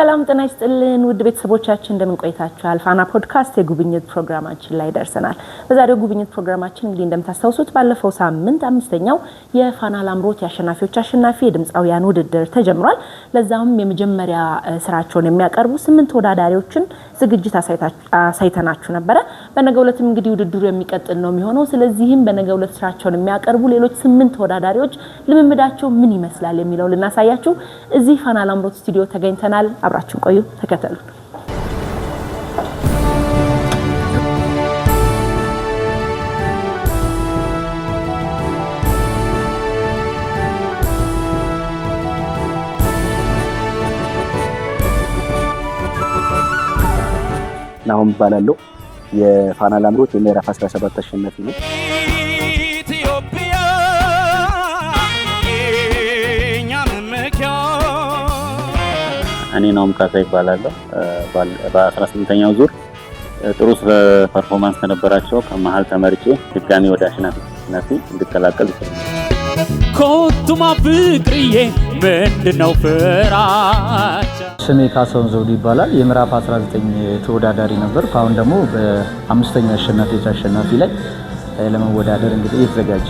ሰላም ጤና ይስጥልን ውድ ቤተሰቦቻችን እንደምን ፋና ፖድካስት የጉብኝት ፕሮግራማችን ላይ ደርሰናል። በዛሬው ጉብኝት ፕሮግራማችን እንግዲህ እንደምታስታውሱት ባለፈው ሳምንት አምስተኛው የፋና ላምሮት የአሸናፊዎች አሸናፊ የድምፃውያን ውድድር ተጀምሯል። ለዛም የመጀመሪያ ስራቸውን የሚያቀርቡ ስምንት ተወዳዳሪዎችን ዝግጅት አሳይተናችሁ ነበረ። በነገው ዕለትም እንግዲህ ውድድሩ የሚቀጥል ነው የሚሆነው። ስለዚህም በነገው ዕለት ስራቸውን የሚያቀርቡ ሌሎች ስምንት ተወዳዳሪዎች ልምምዳቸው ምን ይመስላል የሚለው ልናሳያችሁ እዚህ ፋና ላምሮት ስቱዲዮ ተገኝተናል። አብራችሁን ቆዩ፣ ተከተሉ። አሁን እባላለሁ። የፋና ላምሮት የምዕራፍ 17 አሸናፊ ነው። እኔ ናሁም ካሳ ይባላለሁ። በ18ኛው ዙር ጥሩ ፐርፎርማንስ ከነበራቸው ከመሀል ተመርጬ ድጋሚ ወደ አሸናፊነት እንድቀላቀል ይችላል። ኮቱማ ፍቅርዬ ነው ፍራቻ? ስሜ ካሳሁን ዘውዱ ይባላል። የምዕራፍ 19 ተወዳዳሪ ነበር። ከአሁን ደግሞ በአምስተኛ አሸናፊዎች አሸናፊ ላይ ለመወዳደር እንግዲህ እየተዘጋጀ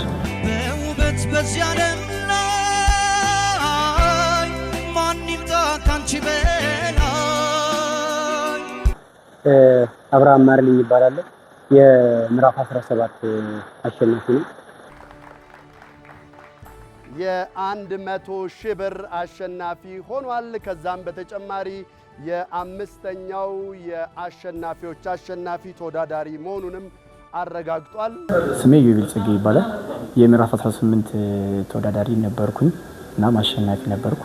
አብርሃም ማርልኝ ይባላለሁ። የምዕራፍ 17 አሸናፊ ነው። የአንድ መቶ ሺህ ብር አሸናፊ ሆኗል። ከዛም በተጨማሪ የአምስተኛው የአሸናፊዎች አሸናፊ ተወዳዳሪ መሆኑንም አረጋግጧል። ስሜ ዩቢል ጽጌ ይባላል። የምዕራፍ 18 ተወዳዳሪ ነበርኩኝ እናም አሸናፊ ነበርኩ።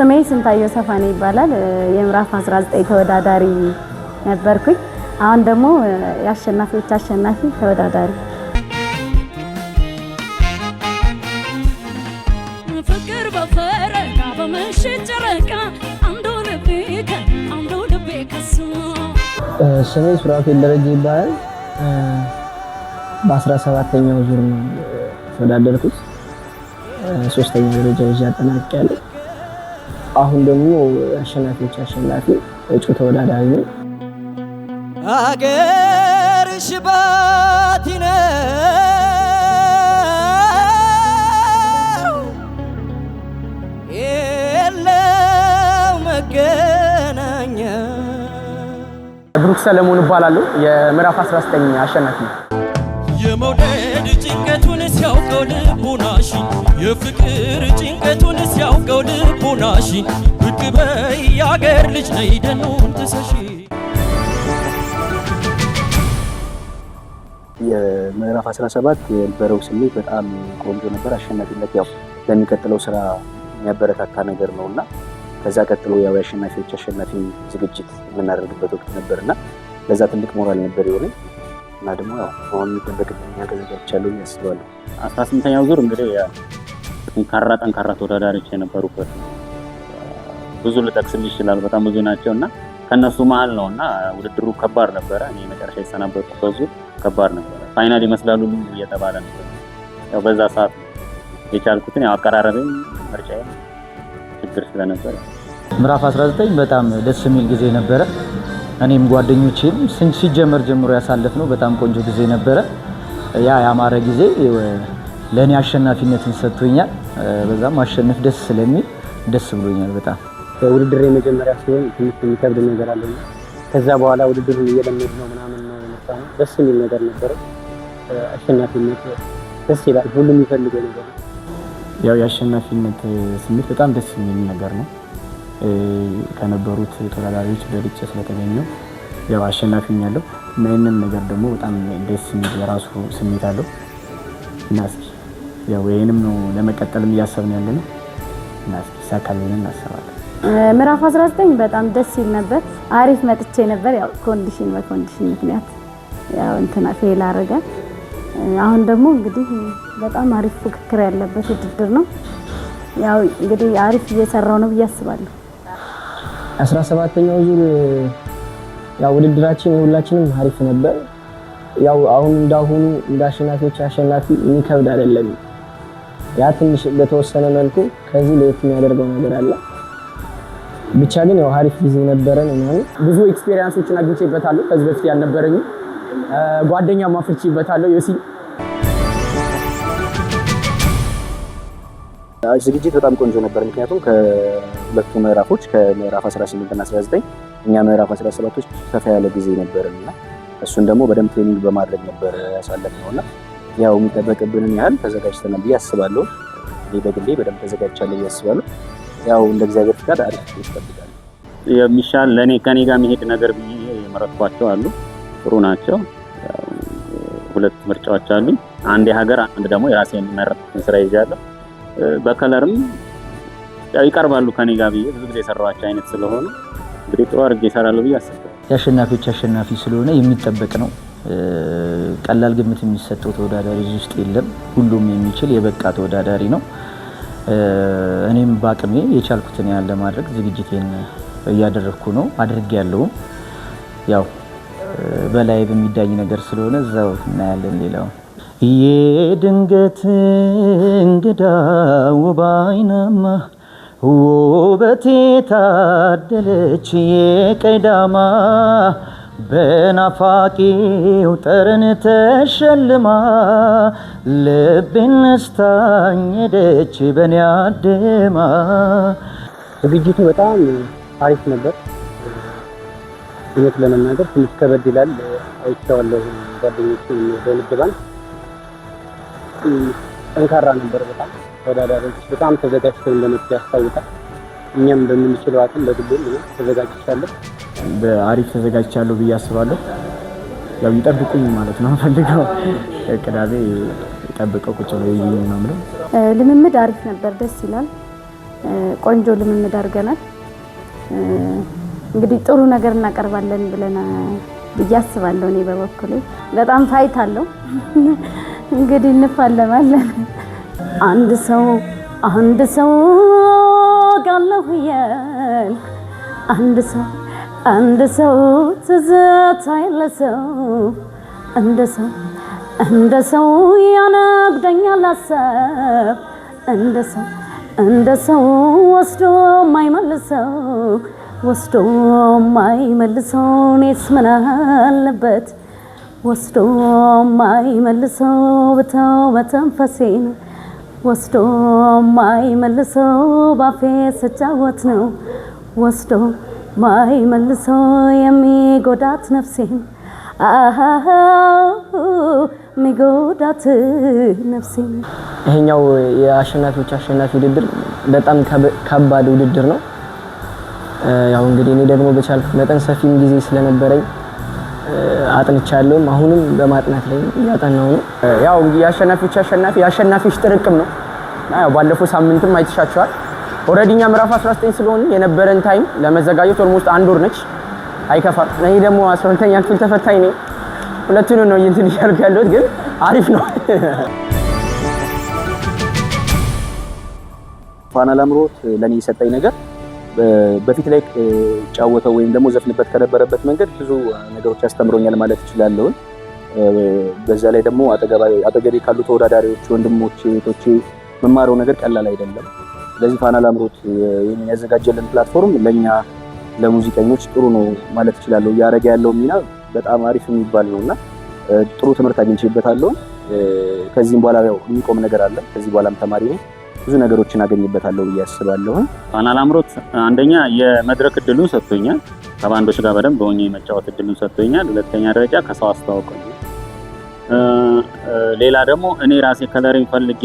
ስሜ ስንታየው ሰፋኔ ይባላል። የምዕራፍ 19 ተወዳዳሪ ነበርኩኝ። አሁን ደግሞ የአሸናፊዎች አሸናፊ ተወዳዳሪ ፍቅር በፈረቃ በምሽት ጨረቃ አንዱ ልቤ አንዱ ልቤ ከሱ ስሜ ሱራፌል ደረጀ ይባላል። በ17ኛው ዙር ነው ተወዳደርኩት። ሶስተኛ ደረጃ ይዤ አጠናቅቄያለሁ። አሁን ደግሞ አሸናፊዎች አሸናፊ እጩ ተወዳዳሪ ነው። አገር ሽባቲነ የለው መገናኛ ብሩክ ሰለሞን እባላለሁ። የምዕራፍ 19 አሸናፊ ነው። የመውደድ ጭንቀቱን ሲያውቀው ልቡና የፍቅር ጭንቀቱን ሲያውቀው ልቦናሽ ብቅ በይ የአገር ልጅ ነይ ደኑን ትሰሺ። የምዕራፍ 17 የነበረው ስሜት በጣም ቆንጆ ነበር። አሸናፊነት ያው ለሚቀጥለው ስራ የሚያበረታታ ነገር ነው እና ከዛ ቀጥሎ ያው የአሸናፊዎች አሸናፊ ዝግጅት የምናደርግበት ወቅት ነበር እና ለዛ ትልቅ ሞራል ነበር የሆነ እና ደግሞ አሁን የሚጠበቅብኝ ተዘጋጅቻለሁ ያስባለሁ። አስራ ስምንተኛው ዙር እንግዲህ ጠንካራ ጠንካራ ተወዳዳሪዎች የነበሩበት ብዙ ልጠቅስል ይችላል። በጣም ብዙ ናቸው እና ከእነሱ መሀል ነው እና ውድድሩ ከባድ ነበረ። እኔ መጨረሻ የተሰናበቱ በዙ ከባድ ነበረ። ፋይናል ይመስላሉ እየተባለ ነበር። ያው በዛ ሰዓት የቻልኩትን ያው አቀራረብም ምርጫዬ ችግር ስለነበረ ምዕራፍ 19 በጣም ደስ የሚል ጊዜ ነበረ። እኔም ጓደኞቼም ሲጀመር ጀምሮ ያሳለፍ ነው በጣም ቆንጆ ጊዜ ነበረ። ያ ያማረ ጊዜ ለእኔ አሸናፊነትን ሰጥቶኛል። በዛም ማሸነፍ ደስ ስለሚል ደስ ብሎኛል በጣም ውድድር የመጀመሪያ ሲሆን ትንሽ የሚከብድ ነገር አለ። ከዛ በኋላ ውድድሩ እየለመድ ነው ምናምን ነው የመጣ ነው። ደስ የሚል ነገር ነበረ። አሸናፊነት ደስ ይላል። ሁሉም የሚፈልገው ነገር ነው። ያው የአሸናፊነት ስሜት በጣም ደስ የሚል ነገር ነው። ከነበሩት ተወዳዳሪዎች በልጬ ስለተገኘው ያው አሸናፊኛለሁ እና ይህንን ነገር ደግሞ በጣም ደስ የሚል የራሱ ስሜት አለው እና እስኪ ያው ይሄንም ነው ለመቀጠልም እያሰብን ያለ ነው እና ሲሳካልን እናስባለን። ምዕራፍ 19 በጣም ደስ ይል ነበር። አሪፍ መጥቼ ነበር። ያው ኮንዲሽን በኮንዲሽን ምክንያት ያው እንትና ፌል አረገ። አሁን ደግሞ እንግዲህ በጣም አሪፍ ፉክክር ያለበት ውድድር ነው። ያው እንግዲህ አሪፍ እየሰራው ነው ብዬ አስባለሁ። 17ኛው ዙር ያው ውድድራችን የሁላችንም አሪፍ ነበር። ያው አሁን እንዳሁኑ እንደ አሸናፊዎች አሸናፊ የሚከብድ አይደለም። ያ ትንሽ በተወሰነ መልኩ ከዚህ ለየት የሚያደርገው ነገር አለ። ብቻ ግን ያው አሪፍ ጊዜ ነበረን። ብዙ ኤክስፔሪንሶችን አግኝቼበታለሁ ከዚህ በፊት ያልነበረኝ ጓደኛ ማፍርቼበታለሁ። ዮሲ ዝግጅት በጣም ቆንጆ ነበር። ምክንያቱም ከሁለቱ ምዕራፎች ከምዕራፍ 18 እና 19 እኛ ምዕራፍ 17ቶች ሰፋ ያለ ጊዜ ነበርና እሱን ደግሞ በደንብ ትሬኒንግ በማድረግ ነበር ያሳለፍነው እና ያው የሚጠበቅብንን ያህል ተዘጋጅተናል ብዬ አስባለሁ። እኔ በግሌ በደንብ ተዘጋጅቻለሁ ብዬ አስባለሁ። ያው እንደ እግዚአብሔር ፍቃድ አሪፍ ይጠብቃል። የሚሻል ለእኔ ከኔ ጋር መሄድ ነገር ብዬ የመረጥኳቸው አሉ፣ ጥሩ ናቸው። ሁለት ምርጫዎች አሉ። አንድ የሀገር አንድ ደግሞ የራሴ የሚመረጥ ስራ ይዣለሁ። በከለርም ያው ይቀርባሉ ከኔ ጋር ብዬ ብዙ ጊዜ የሰራኋቸው አይነት ስለሆኑ እንግዲህ ጥሩ አድርጌ እሰራለሁ ብዬ አስባለሁ። የአሸናፊዎች አሸናፊ ስለሆነ የሚጠበቅ ነው። ቀላል ግምት የሚሰጠው ተወዳዳሪ እዚህ ውስጥ የለም። ሁሉም የሚችል የበቃ ተወዳዳሪ ነው። እኔም በአቅሜ የቻልኩትን ያህል ለማድረግ ዝግጅቴን እያደረግኩ ነው፣ አድርግ ያለውም ያው በላይ በሚዳኝ ነገር ስለሆነ እዛው እናያለን። ሌላው የድንገት እንግዳ ውብ አይናማ ውበቴ ታደለች የቀዳማ በናፋቂው ጠረን ተሸልማ ልቤን ስታኝደች በኔ አድማ። ዝግጅቱ በጣም አሪፍ ነበር። እውነት ለመናገር ትንሽ ከበድ ይላል። አይቼዋለሁ ጓደኞች በንግባን ጠንካራ ነበር። በጣም ተወዳዳሪዎች በጣም ተዘጋጅተው እንደመጡ ያስታውቃል። እኛም በምንችለው አቅም በግሌ ተዘጋጅቻለሁ። በአሪፍ ተዘጋጅቻለሁ ብዬ አስባለሁ። ያው ይጠብቁኝ ማለት ነው ፈልገው ቅዳሜ ጠብቀው ቁጭ ብሎ ነው። ልምምድ አሪፍ ነበር፣ ደስ ይላል። ቆንጆ ልምምድ አድርገናል። እንግዲህ ጥሩ ነገር እናቀርባለን ብለን ብዬ አስባለሁ። እኔ በበኩሌ በጣም ፋይት አለው። እንግዲህ እንፋለማለን። አንድ ሰው አንድ ሰው ጋለሁ አንድ ሰው አንድ ሰው ትዝታ ያለ ሰው እንደ ሰው እንደ ሰው ያነግደኛል አሰብ እንደ ሰው እንደ ሰው ወስዶ ማይመልሰው ወስዶ ማይመልሰው እኔስ ምን አለበት ወስዶ ማይመልሰው ብተው መተንፈሴን ወስዶ ማይመልሰው ባፌ ስጫወት ነው ወስዶ ማይ መልሶ የሚጎዳት ነፍሴን የሚጎዳት ነፍሴን። ይሄኛው የአሸናፊዎች አሸናፊ ውድድር በጣም ከባድ ውድድር ነው። ያው እንግዲህ እኔ ደግሞ በቻልኩት መጠን ሰፊም ጊዜ ስለነበረኝ አጥንቻለሁም አሁንም በማጥናት ላይ እያጠናው ነው። ያው የአሸናፊዎች አሸናፊ የአሸናፊዎች ጥርቅም ነው። ባለፈው ሳምንትም አይተሻቸዋል። ኦልሬዲ እኛ ምዕራፍ 19 ስለሆነ የነበረን ታይም ለመዘጋጀት ኦልሞስት አንድ ወር ነች። አይከፋም። እኔ ደግሞ 12ኛ ክፍል ተፈታኝ ነኝ። ሁለቱን ነው እንትን እያልኩ ያለሁት፣ ግን አሪፍ ነው። ፋና ላምሮት ለእኔ የሰጠኝ ነገር በፊት ላይ ጫወተው ወይም ደግሞ ዘፍንበት ከነበረበት መንገድ ብዙ ነገሮች ያስተምሮኛል ማለት እችላለሁን። በዛ ላይ ደግሞ አጠገቤ ካሉ ተወዳዳሪዎች ወንድሞቼ፣ እህቶቼ መማረው ነገር ቀላል አይደለም። ስለዚህ ፋና ላምሮት የሚያዘጋጀልን ፕላትፎርም ለእኛ ለሙዚቀኞች ጥሩ ነው ማለት እችላለሁ። እያደረገ ያለው ሚና በጣም አሪፍ የሚባል ነው እና ጥሩ ትምህርት አግኝቼበታለሁ። ከዚህም በኋላ ያው የሚቆም ነገር አለ። ከዚህ በኋላም ተማሪ ነው ብዙ ነገሮችን አገኝበታለሁ ብዬ አስባለሁ። ፋና ላምሮት አንደኛ የመድረክ እድሉን ሰጥቶኛል። ከባንዶች ጋር በደንብ ሆኜ የመጫወት እድሉን ሰጥቶኛል። ሁለተኛ ደረጃ ከሰው አስተዋውቀ ሌላ ደግሞ እኔ ራሴ ከለሬን ፈልጌ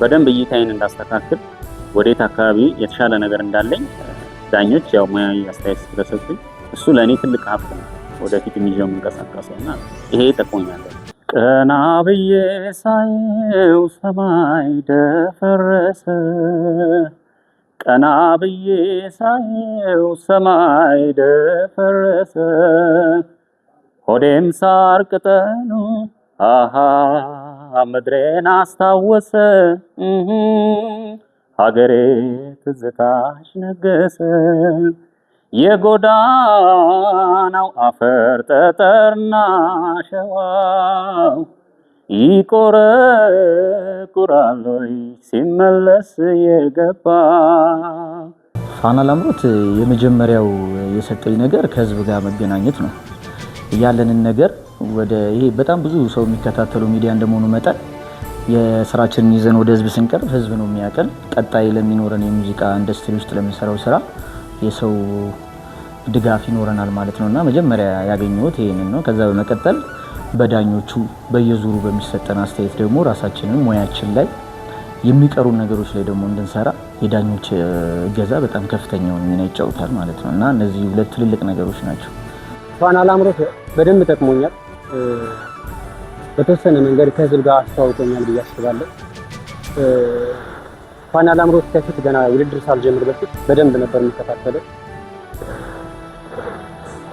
በደንብ እይታዬን እንዳስተካክል ወዴት አካባቢ የተሻለ ነገር እንዳለኝ ዳኞች ያው ሙያዊ አስተያየት ስለሰጡኝ እሱ ለእኔ ትልቅ ሀብት ነው። ወደፊት የሚዘው የምንቀሳቀሰው እና ይሄ ይጠቅሞኛል። ቀና ብዬ ሳየው ሰማይ ደፈረሰ፣ ቀና ብዬ ሳየው ሰማይ ደፈረሰ፣ ሆዴም ሳር አሃ ምድሬን አስታወሰ ሀገሬ ትዝታሽ ነገሰ የጎዳናው አፈር ጠጠርና ሸዋው ይቆረቁራል ሲመለስ የገባ ፋና ላምሮት የመጀመሪያው የሰጠኝ ነገር ከህዝብ ጋር መገናኘት ነው። ያለንን ነገር ወደ ይሄ በጣም ብዙ ሰው የሚከታተለው ሚዲያ እንደመሆኑ መጠን የስራችንን ይዘን ወደ ህዝብ ስንቀርብ ህዝብ ነው የሚያቀል። ቀጣይ ለሚኖረን የሙዚቃ ኢንዱስትሪ ውስጥ ለምንሰራው ስራ የሰው ድጋፍ ይኖረናል ማለት ነው እና መጀመሪያ ያገኘሁት ይህንን ነው። ከዛ በመቀጠል በዳኞቹ በየዙሩ በሚሰጠን አስተያየት ደግሞ ራሳችንን ሙያችን ላይ የሚቀሩ ነገሮች ላይ ደግሞ እንድንሰራ የዳኞች እገዛ በጣም ከፍተኛውን ሚና ይጫወታል ማለት ነው እና እነዚህ ሁለት ትልልቅ ነገሮች ናቸው። ፋና ላምሮት በደንብ ጠቅሞኛል። በተወሰነ መንገድ ከህዝብ ጋር አስተዋውቀኛል ብዬ አስባለሁ። ፋና ላምሮት ከፊት ገና ውድድር ሳልጀምር በፊት በደንብ ነበር የሚከታተለው።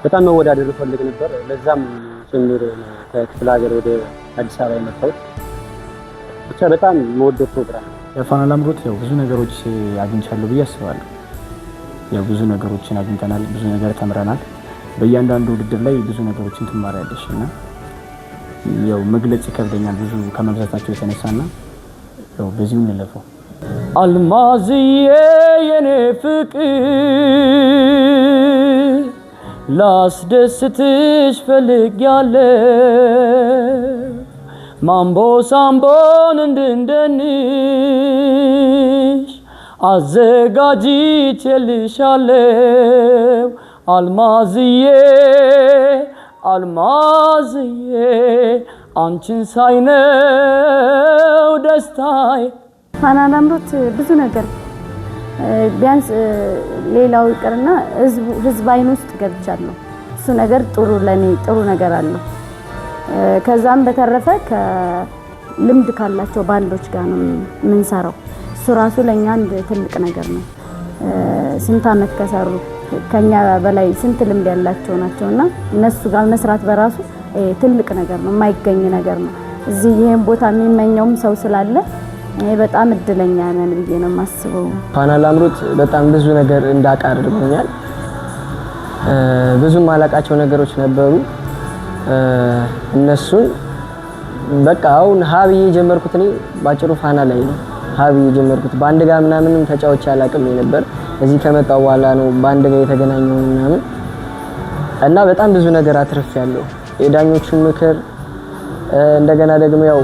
በጣም መወዳደር ፈልግ ነበር። ለዛም ጭምር ከክፍለ ሀገር ወደ አዲስ አበባ የመጣሁት ብቻ በጣም መወደ ፕሮግራም የፋና ላምሮት ያው ብዙ ነገሮች አግኝቻለሁ ብዬ አስባለሁ። ያው ብዙ ነገሮችን አግኝተናል፣ ብዙ ነገር ተምረናል። በእያንዳንዱ ውድድር ላይ ብዙ ነገሮችን ትማሪያለሽ እና ያው መግለጽ ይከብደኛል ብዙ ከመብዛታቸው የተነሳና ያው በዚሁ እንለፈው። አልማዝዬ የኔ ፍቅር ላስደስትሽ ፈልጌያለሁ ማምቦ ሳምቦን እንድንደንሽ አዘጋጅቼልሻለሁ አልማዝዬ አልማዝዬ አንቺን ሳይነው ደስታይ ሀናን ብዙ ነገር ቢያንስ ሌላው ይቅርና ህዝብ አይን ውስጥ ገብቻለሁ። እሱ ነገር ጥሩ ለእኔ ጥሩ ነገር አለው። ከዛም በተረፈ ልምድ ካላቸው ባንዶች ጋር ነው የምንሰራው። እሱ ራሱ ለእኛ አንድ ትልቅ ነገር ነው። ስንት አመት ከሰሩ ከኛ በላይ ስንት ልምድ ያላቸው ናቸው እና እነሱ ጋር መስራት በራሱ ትልቅ ነገር ነው፣ የማይገኝ ነገር ነው። እዚህ ይህን ቦታ የሚመኘውም ሰው ስላለ በጣም እድለኛ ነን ብዬ ነው የማስበው። ፋና ላምሮት በጣም ብዙ ነገር እንዳውቅ አድርጎኛል። ብዙም አላውቃቸው ነገሮች ነበሩ። እነሱን በቃ አሁን ሀብዬ የጀመርኩት እኔ ባጭሩ ፋና ላይ ነው ሀብ የጀመርኩት። በአንድ ጋር ምናምንም ተጫዎች አላውቅም ነበር እዚህ ከመጣ በኋላ ነው በአንድ ላይ የተገናኘው ምናምን እና በጣም ብዙ ነገር አትርፍ ያለው የዳኞቹን ምክር እንደገና ደግሞ ያው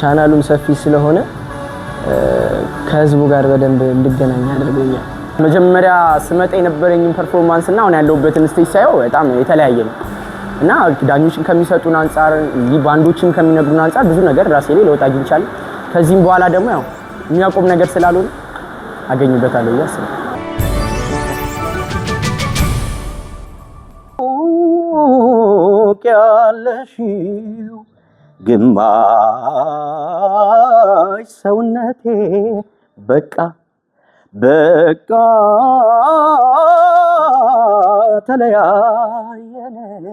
ቻናሉም ሰፊ ስለሆነ ከህዝቡ ጋር በደንብ እንድገናኝ አድርገኛል። መጀመሪያ ስመጣ የነበረኝን ፐርፎርማንስ እና አሁን ያለሁበትን ስቴጅ ሳየው በጣም የተለያየ ነው እና ዳኞችን ከሚሰጡን አንጻር፣ ባንዶችን ከሚነግሩን አንጻር ብዙ ነገር ራሴ ላይ ለውጥ አግኝቻለሁ። ከዚህም በኋላ ደግሞ ያው የሚያቆም ነገር ስላልሆነ አገኝበታለሁ እያስባለሁ። ያለሽው ግማሽ ሰውነቴ በቃ በቃ ተለያየን፣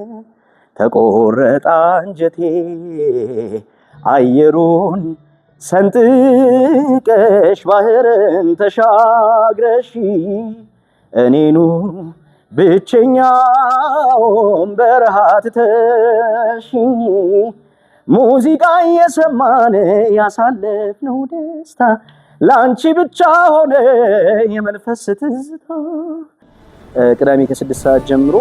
ተቆረጣ አንጀቴ አየሩን ሰንጥቀሽ ባህርን ተሻግረሽ እኔኑ ብቸኛውን በረሃ ትተሽኝ ሙዚቃ እየሰማን ያሳለፍነው ደስታ ለአንቺ ብቻ ሆነ የመንፈስ ትዝታ። ቅዳሜ ከስድስት ሰዓት ጀምሮ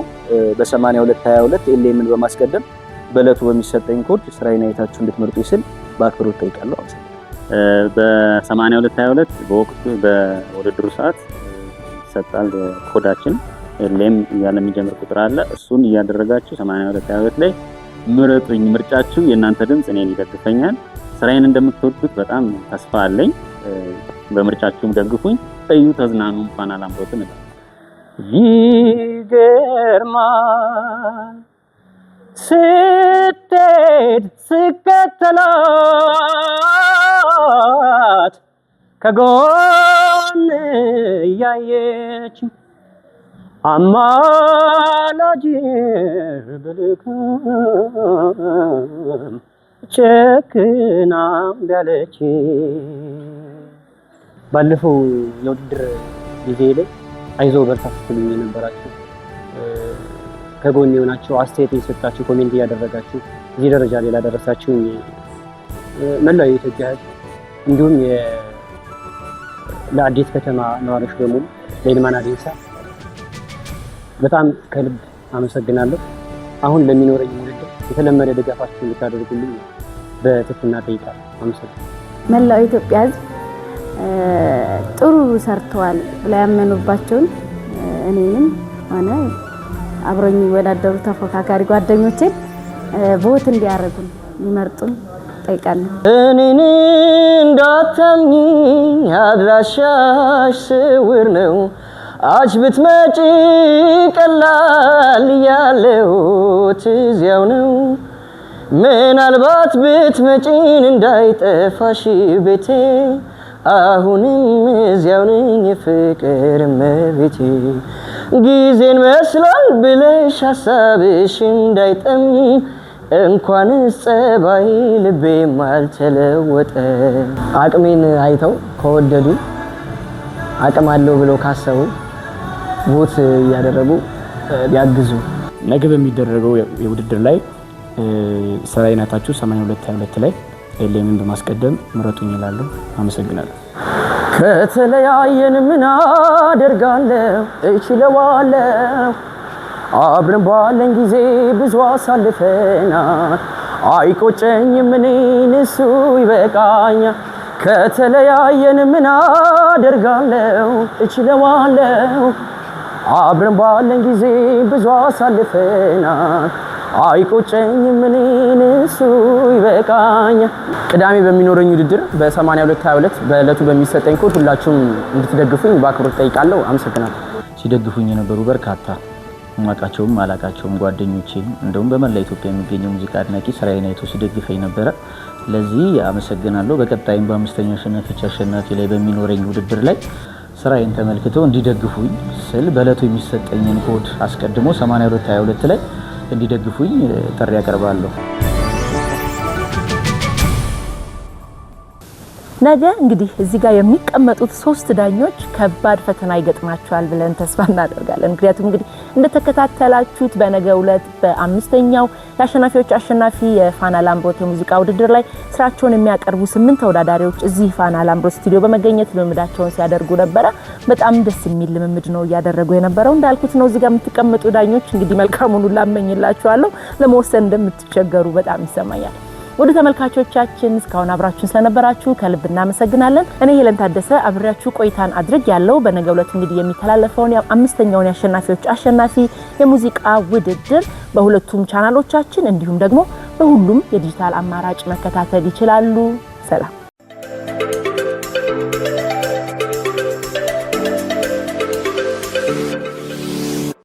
ሁለት ሀያ ሁለት ኤሌምን በማስቀደም በዕለቱ በሚሰጠኝ ኮድ ስራዬን አይታችሁ እንድትመርጡ ስል በአክብሮት ጠይቃለሁ። በ8222 በወቅቱ በውድድሩ ሰዓት ይሰጣል ኮዳችን ሌም እያለ የሚጀምር ቁጥር አለ። እሱን እያደረጋችሁ 8222 ላይ ምረጡኝ። ምርጫችሁ የእናንተ ድምፅ እኔን ይደግፈኛል። ስራዬን እንደምትወዱት በጣም ተስፋ አለኝ። በምርጫችሁም ደግፉኝ። እዩ፣ ተዝናኑ፣ እንኳን አላምሮትን ይገርማል ስትሄድ ስከተላ አባት ከጎን እያየች አማላጅ ብልክም ጨክና ቢያለች። ባለፈው የውድድር ጊዜ ላይ አይዞ በርታ ስትሉኝ የነበራችሁ ከጎን የሆናችሁ አስተያየት የሰጣችሁ ኮሜንት እያደረጋችሁ እዚህ ደረጃ ላይ ላደረሳችሁኝ መላው የኢትዮጵያ ሕዝብ እንዲሁም ለአዲስ ከተማ ነዋሪዎች በሙሉ ለልማና ዴንሳ በጣም ከልብ አመሰግናለሁ። አሁን ለሚኖረኝ ውድድር የተለመደ ድጋፋችሁ እንድታደርጉልኝ በትህትና ጠይቃለሁ። አመሰግናለሁ። መላው ኢትዮጵያ ሕዝብ ጥሩ ሰርተዋል ብለው ያመኑባቸውን እኔንም ሆነ አብረኝ የሚወዳደሩ ተፎካካሪ ጓደኞቼን ቦት እንዲያደርጉን ይመርጡን እንጠይቃለን። እኔን እንዳታምኝ አድራሻሽ ስውር ነው አች ብትመጪ ቀላል ያለው ትዚያው ነው ምናልባት ብትመጪን እንዳይጠፋሽ ቤቴ አሁንም እዚያው ነኝ የፍቅር መቤቴ ጊዜን መስሏል ብለሽ ሀሳብሽ እንዳይጠም እንኳን ጸባይ ልቤም አልተለወጠ። አቅሜን አይተው ከወደዱ አቅም አለው ብለው ካሰቡ ቦት እያደረጉ ያግዙ። ነገ በሚደረገው የውድድር ላይ ስራ አይነታችሁ 8222 ላይ ኤሌምን በማስቀደም ምረጡኝ ይላሉ። አመሰግናለሁ። ከተለያየን ምን አደርጋለሁ? እችለዋለሁ አብረን ባለን ጊዜ ብዙ አሳልፈናል። አይቆጨኝ ምኔን እሱ ይበቃኛል። ከተለያየን ምን አደርጋለሁ እችለዋለሁ። አብረን ባለን ጊዜ ብዙ አሳልፈናል። አይቆጨኝ ምኔን እሱ ይበቃኛል። ቅዳሜ በሚኖረኝ ውድድር በ8222 በእለቱ በሚሰጠኝ ኮድ ሁላችሁም እንድትደግፉኝ በአክብሮት ጠይቃለሁ። አመሰግናለሁ። ሲደግፉኝ የነበሩ በርካታ ማቃቸውም አላቃቸውም ጓደኞቼ እንደውም በመላ ኢትዮጵያ የሚገኘው ሙዚቃ አድናቂ ስራዬን አይቶ ሲደግፈኝ ነበረ። ለዚህ አመሰግናለሁ። በቀጣይም በአምስተኛ አሸናፊዎች አሸናፊ ላይ በሚኖረኝ ውድድር ላይ ስራዬን ተመልክተው እንዲደግፉኝ ስል በእለቱ የሚሰጠኝን ኮድ አስቀድሞ 8222 ላይ እንዲደግፉኝ ጥሪ ያቀርባለሁ። ነገ እንግዲህ እዚህ ጋር የሚቀመጡት ሶስት ዳኞች ከባድ ፈተና ይገጥማቸዋል ብለን ተስፋ እናደርጋለን። ምክንያቱም እንግዲህ እንደተከታተላችሁት በነገ ዕለት በአምስተኛው የአሸናፊዎች አሸናፊ የፋና ላምሮት የሙዚቃ ውድድር ላይ ስራቸውን የሚያቀርቡ ስምንት ተወዳዳሪዎች እዚህ ፋና ላምሮት ስቱዲዮ በመገኘት ልምምዳቸውን ሲያደርጉ ነበረ። በጣም ደስ የሚል ልምምድ ነው እያደረጉ የነበረው። እንዳልኩት ነው እዚጋ የምትቀመጡ ዳኞች እንግዲህ መልካሙን ላመኝላችኋለሁ። ለመወሰን እንደምትቸገሩ በጣም ይሰማኛል። ወደ ተመልካቾቻችን እስካሁን አብራችሁን ስለነበራችሁ ከልብ እናመሰግናለን። እኔ ሄለን ታደሰ አብሬያችሁ ቆይታን አድርግ ያለው በነገ ሁለት እንግዲህ የሚተላለፈውን አምስተኛውን የአሸናፊዎች አሸናፊ የሙዚቃ ውድድር በሁለቱም ቻናሎቻችን እንዲሁም ደግሞ በሁሉም የዲጂታል አማራጭ መከታተል ይችላሉ። ሰላም።